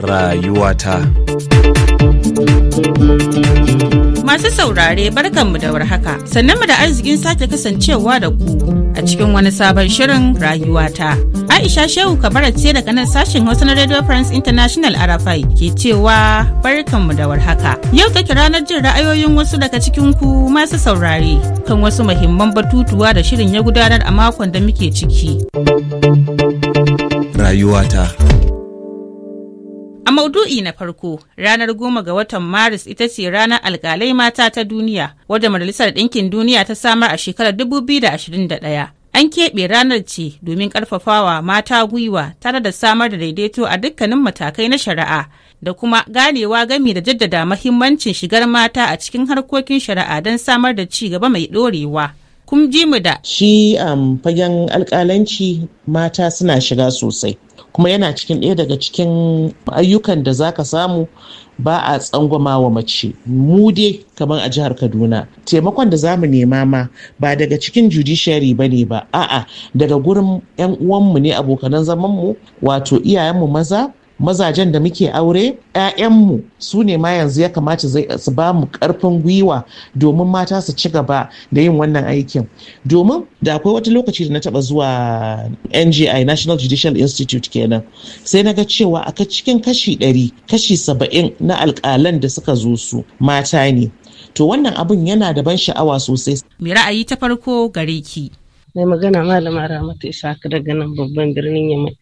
Rayuwata Masu saurare barkanmu da warhaka, sannan mu da arzikin sake kasancewa da ku a cikin wani sabon shirin rayuwata. Aisha Shehu kabarar ce daga nan sashen Hausa na Radio France International Arafai ke cewa barkanmu da warhaka. Yau take ranar jin ra'ayoyin wasu daga cikin ku masu saurare kan wasu mahimman batutuwa da shirin ya gudanar a makon da muke ciki. rayuwata. A maudu'i na farko, ranar goma ga watan Maris ita ce ranar alkalai mata ta duniya, wadda Majalisar Ɗinkin Duniya ta samar a shekarar 2021. An keɓe ranar ce domin ƙarfafawa mata gwiwa tare da samar da daidaito a dukkanin matakai na shari'a da kuma ganewa gami da jaddada mahimmancin shigar mata a cikin harkokin shari'a don samar da ci gaba mai ɗorewa. Kun ji mu da. Shi um, fagen alƙalanci mata suna shiga sosai. kuma yana cikin ɗaya daga cikin ayyukan da za ka samu ba a tsangwama wa mace mu dai kamar a jihar kaduna taimakon da zamu nema ma ba daga cikin judiciary ba ne ba a'a daga gurin 'yan uwanmu ne abokanan zamanmu wato iyayenmu maza mazajen da muke aure 'ya'yanmu su ne ma yanzu ya kamata su ba mu karfin gwiwa domin mata su ci gaba da yin wannan aikin domin da akwai wata lokaci da na taba zuwa NGI National Judicial Institute kenan sai na ga cewa aka cikin kashi 100 kashi 70 na alkalan da suka zo su mata ne to wannan abun yana da ban sha'awa sosai mai ra'ayi ta farko gare ki mai magana malama ramatu ka daga nan babban birnin yamai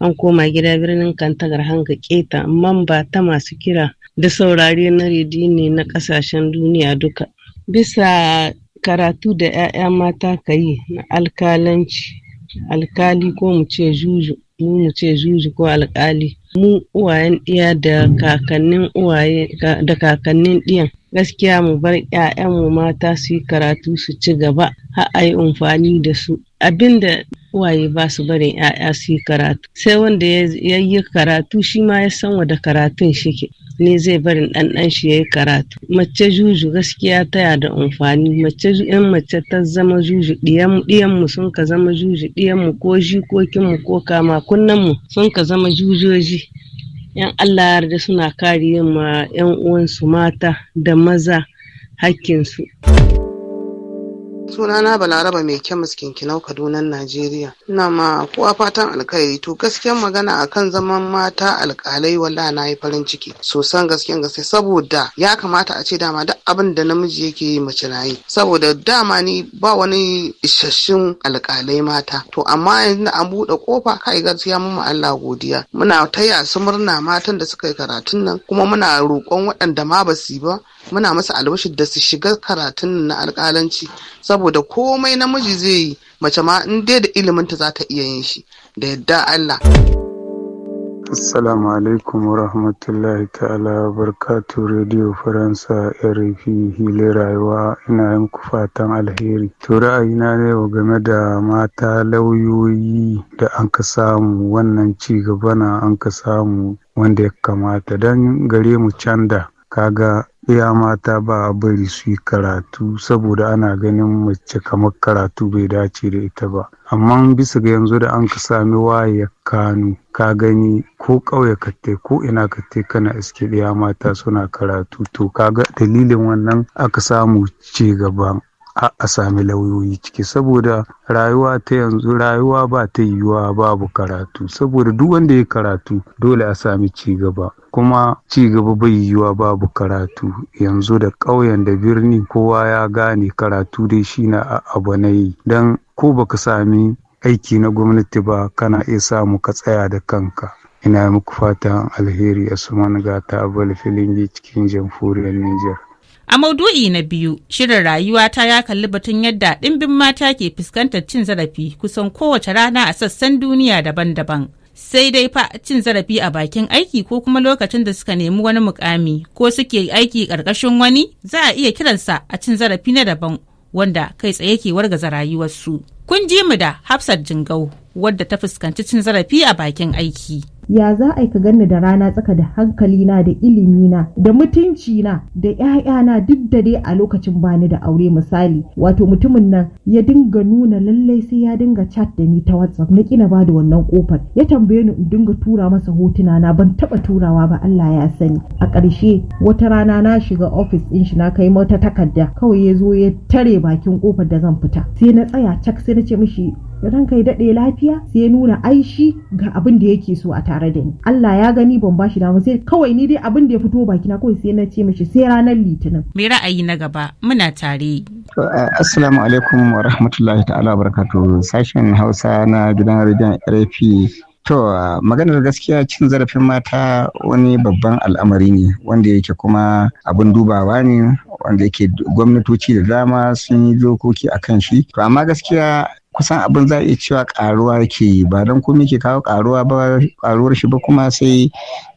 an koma gida birnin kantagar hanga keta ba ta masu kira da saurare na ne na kasashen duniya duka bisa karatu da 'ya'ya mata ka yi na alkalanci alkali ko mu ce zuzu ce juju ko alkali mu uwayen ɗiya da kakannin uwaye da kakannin ɗiyan gaskiya mu bar mu mata su yi karatu su ci gaba har a yi amfani da su abinda uwaye ba su barin 'ya'ya su yi karatu sai wanda ya yi karatu shi ma ya san wada karatun shi ke. ne zai barin ɗanɗan shi ya yi karatu mace juju gaskiya taya da amfani mace yan mace ta zama juju ɗiyanmu sun ka zama juju ɗiyanmu ko jikokinmu ko kama mu sun ka zama jujoji yan allah yarda suna kare ma yan uwansu mata da maza hakkinsu. su sunana balaraba mai kemis kinkinau kadunan najeriya ina ma kowa fatan alkhairi to gaskiyan magana akan zaman mata alkalai wala na yi farin ciki sosan gaskiyan gaske saboda ya kamata a ce dama duk abin da namiji yake yi mace na yi saboda dama ni ba wani isasshun alkalai mata to amma yanzu an buɗe kofa kai gaskiya mun Allah godiya muna taya su murna matan da suka yi karatun nan kuma muna roƙon waɗanda ma ba su ba muna masa albashi da su shiga karatun na alƙalanci? saboda komai namiji zai yi mace ma in dai da iliminta za ta iya yin shi da yadda Allah. Assalamu alaikum wa rahmatullahi ta'ala barkatu Radio Faransa rp hile rayuwa ina yin fatan alheri. To ra'ayina na yau game da mata lauyoyi da an ka samu wannan ci gaba na an ka samu wanda ya kamata don gare mu canda kaga iya mata ba a bari su yi karatu saboda ana ganin mace kamar karatu bai dace da ita ba amma bisa ga yanzu da an ka sami waya kanu ka gani ko ƙauye kattai ko ina kattai kana iske iya mata suna karatu to kaga dalilin wannan aka samu ci gaban. a sami lauyoyi ciki saboda rayuwa ta yanzu rayuwa ba ta yiwuwa babu karatu saboda duk wanda ya karatu dole a sami cigaba kuma cigaba bai yiwuwa babu karatu yanzu da ƙauyen da birni kowa ya gane karatu dai shi na abu na yi don ko baka sami aiki na gwamnati ba kana iya samu ka tsaya da kanka ina muku fatan alheri a suman gata filin cikin jamhuriyar nijar A maudu'i na biyu, shirin rayuwa ta ya kalli batun yadda ɗimbin mata ke fuskantar cin zarafi kusan kowace rana a sassan duniya daban-daban. Sai dai fa cin zarafi a bakin aiki ko kuma lokacin da suka nemi wani mukami ko suke aiki ƙarƙashin wani za a iya kiransa a cin zarafi na daban wanda kai tsaye ke wargaza rayuwarsu. Kun ji mu da Hafsat Jingau wadda ta fuskanci cin zarafi a bakin aiki. ya za a ka ganni da rana tsaka da hankalina da ilimina da mutuncina da 'ya'yana duk da dai a lokacin bani da aure misali wato mutumin nan ya dinga nuna lallai sai ya dinga chat da ni ta whatsapp na kina ba da wannan kofar ya tambaye ni in dinga tura masa hotuna na ban taba turawa ba Allah ya sani a ƙarshe wata rana na shiga ofis din shi na kai mota takarda kawai ya zo ya tare bakin kofar da zan fita sai na tsaya cak sai na ce mishi ranka ya daɗe lafiya sai ya nuna aishi ga abin da yake so a tare da ni Allah ya gani ban bashi dama sai kawai ni dai abin da ya fito baki na kawai sai na ce mishi sai ranar litinin me ra'ayi na gaba muna tare assalamu alaikum wa rahmatullahi ta'ala barakatu sashen Hausa na gidan rediyon rp To maganar gaskiya cin zarafin mata wani babban al'amari ne wanda yake kuma abin dubawa ne wanda yake gwamnatoci da dama sun yi dokoki a kan shi. To amma gaskiya kusan abin za a iya cewa karuwa ke yi ba don kuma ke kawo karuwa ba karuwar shi ba kuma sai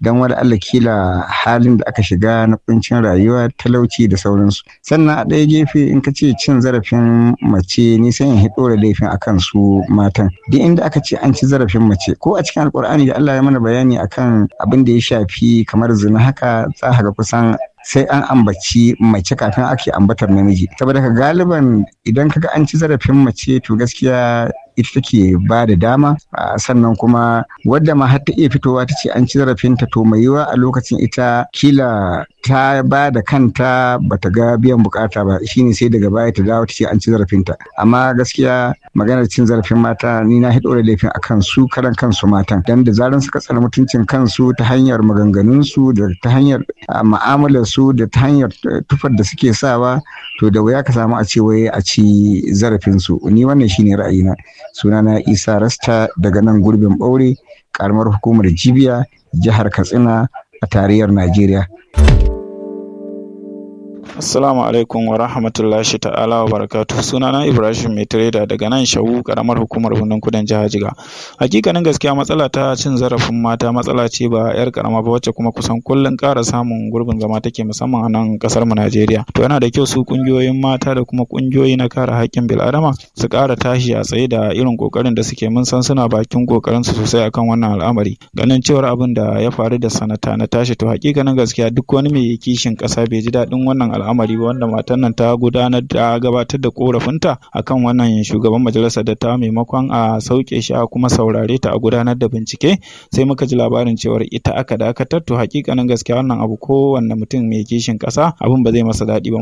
don wani al'akila, kila halin da aka shiga na kuncin rayuwa talauci da sauransu sannan a ɗaya gefe in ka ce cin zarafin mace ni sai in hito da laifin akan su matan duk inda aka ce an ci zarafin mace ko a cikin alkur'ani da Allah ya mana bayani akan abin da ya shafi kamar zina haka za ga kusan sai an ambaci mace kafin ake ambatar namiji saboda ka galiban idan kaga an ci zarafin mace to gaskiya ita take ba da dama sannan kuma wadda ma har ta iya fitowa ta ce an ci zarafinta to mai yiwa a lokacin ita kila ta ba da kanta ba ta ga biyan bukata ba shine sai daga baya ta dawo ta ce an ci zarafinta amma gaskiya maganar cin zarafin mata ni na haɗo da laifin a kansu karan kansu matan dan da zaran suka tsara mutuncin kansu ta hanyar maganganun su da ta hanyar mu'amalar su da ta hanyar tufar da suke sawa to da wuya ka samu a ce wai a ci zarafin su ni wannan shine ra'ayina sunana isa rasta daga nan gurbin ɓaure karamar hukumar jibiya jihar katsina a tarayyar najeriya Assalamu alaikum wa rahmatullahi ta'ala wa barakatuh. Sunana Ibrahim Mai Trader daga nan Shawu karamar hukumar Bundan Kudin jihar Jiga. Hakikanin gaskiya matsala ta cin zarafin mata matsala ce ba yar karama ba wacce kuma kusan kullun ƙara samun gurbin zama ke musamman a nan kasar mu Najeriya. To yana da kyau su kungiyoyin mata da kuma kungiyoyi na kare haƙƙin bil'adama su ƙara tashi a tsaye da irin kokarin da suke mun san suna bakin kokarin su sosai akan wannan al'amari. Ganin cewar abin da ya faru da sanata na tashi to hakikanin gaskiya duk wani mai kishin ƙasa bai ji daɗin wannan al'amari al'amari wanda matan nan ta gudanar da gabatar da korafinta akan wannan shugaban majalisa da ta maimakon a sauke shi a kuma saurare ta a gudanar da bincike sai muka ji labarin cewar ita aka dakatar to hakikanin gaskiya wannan abu kowanne mutum mai kishin kasa abin ba zai masa daɗi ba.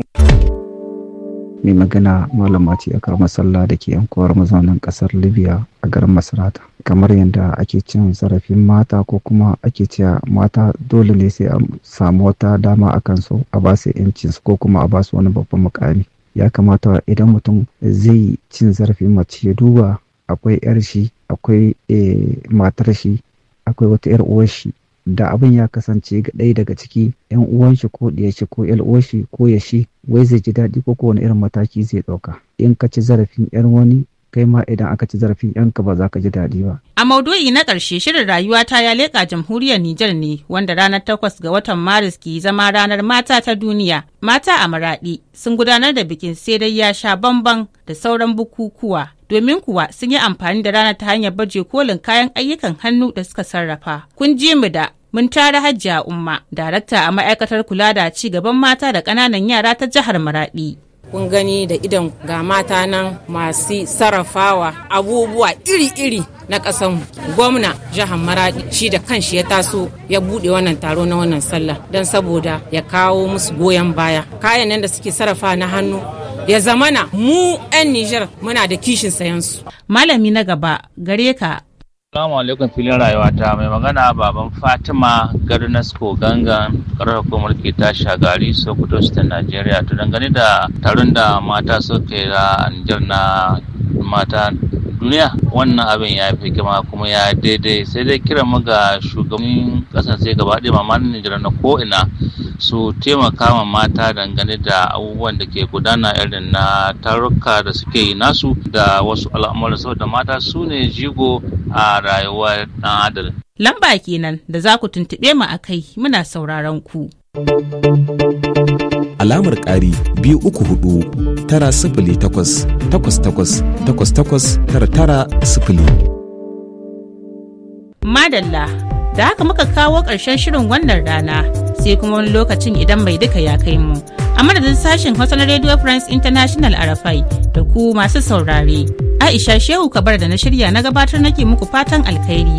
mai magana malama ce aka masalla da ke yankuwar mazaunin kasar libya a garin masarata kamar yadda ake cin zarafin mata ko kuma ake cewa mata dole ne sai a samu wata dama a kansu a ba su yancinsu ko kuma a ba su wani babban mukami ya kamata idan mutum zai cin zarafin mace ya duba akwai yar shi akwai eh, matar shi akwai wata yar uwar shi da abin ya kasance ga ɗaya daga ciki yan uwan shi ko ɗiyar shi ko yar uwar shi ko ya shi wai zai ji daɗi ko kowane irin mataki zai ɗauka in ka ci zarafin yar wani kai ma idan aka ci zarafin yanka ba za ka ji daɗi ba. A maudu'i na ƙarshe shirin rayuwa ta ya leƙa jamhuriyar Nijar ne wanda ranar takwas ga watan Maris ke zama ranar mata ta duniya. Mata a maraɗi sun gudanar da bikin sai dai ya sha bamban da sauran bukukuwa domin kuwa sun yi amfani da ranar ta hanyar baje kolin kayan ayyukan hannu da suka sarrafa. Kun ji mu da mun tara hajji a umma darakta a ma'aikatar kula da ci gaban mata da ƙananan yara ta jihar Maraɗi. kun gani da idan ga mata nan masu sarrafawa abubuwa iri-iri na ƙasan gwamna jihar maradi shi da kan shi ya taso ya buɗe wannan taro na wannan sallah don saboda ya kawo musu goyon baya kayan nan da suke sarrafa na hannu ya zamana mu 'yan nijar muna da kishin sayansu malami na gaba gare ka Assalamu alaikum filin rayuwa ta mai magana baban Fatima Garnas Koganga karar hukumar ke ta shagari Sokoto State Najeriya to dangane da taron da mata suka a Nijar na mata duniya wannan abin ya fi kima kuma ya daidai sai dai kiran mu ga shugabannin kasashe gaba ɗaya mamanin Nijar na ko'ina. su taimaka ma mata dangane da abubuwan da ke gudana irin na taruka da suke yi nasu da wasu al'amuran saboda mata su ne jigo a rayuwar dan adal. Lamba kenan da za ku tuntuɓe mu a kai muna sauraron ku. Alamar ƙari biyu uku hudu tara sifili takwas takwas takwas takwas takwas tara tara sifili. Madalla, da haka muka kawo ƙarshen shirin wannan rana. sai kuma wani lokacin idan bai duka ya kai mu a madadin sashen hausa na radio france international arafai da ku masu saurare aisha shehu kabar da na shirya na gabatar nake muku fatan alkhairi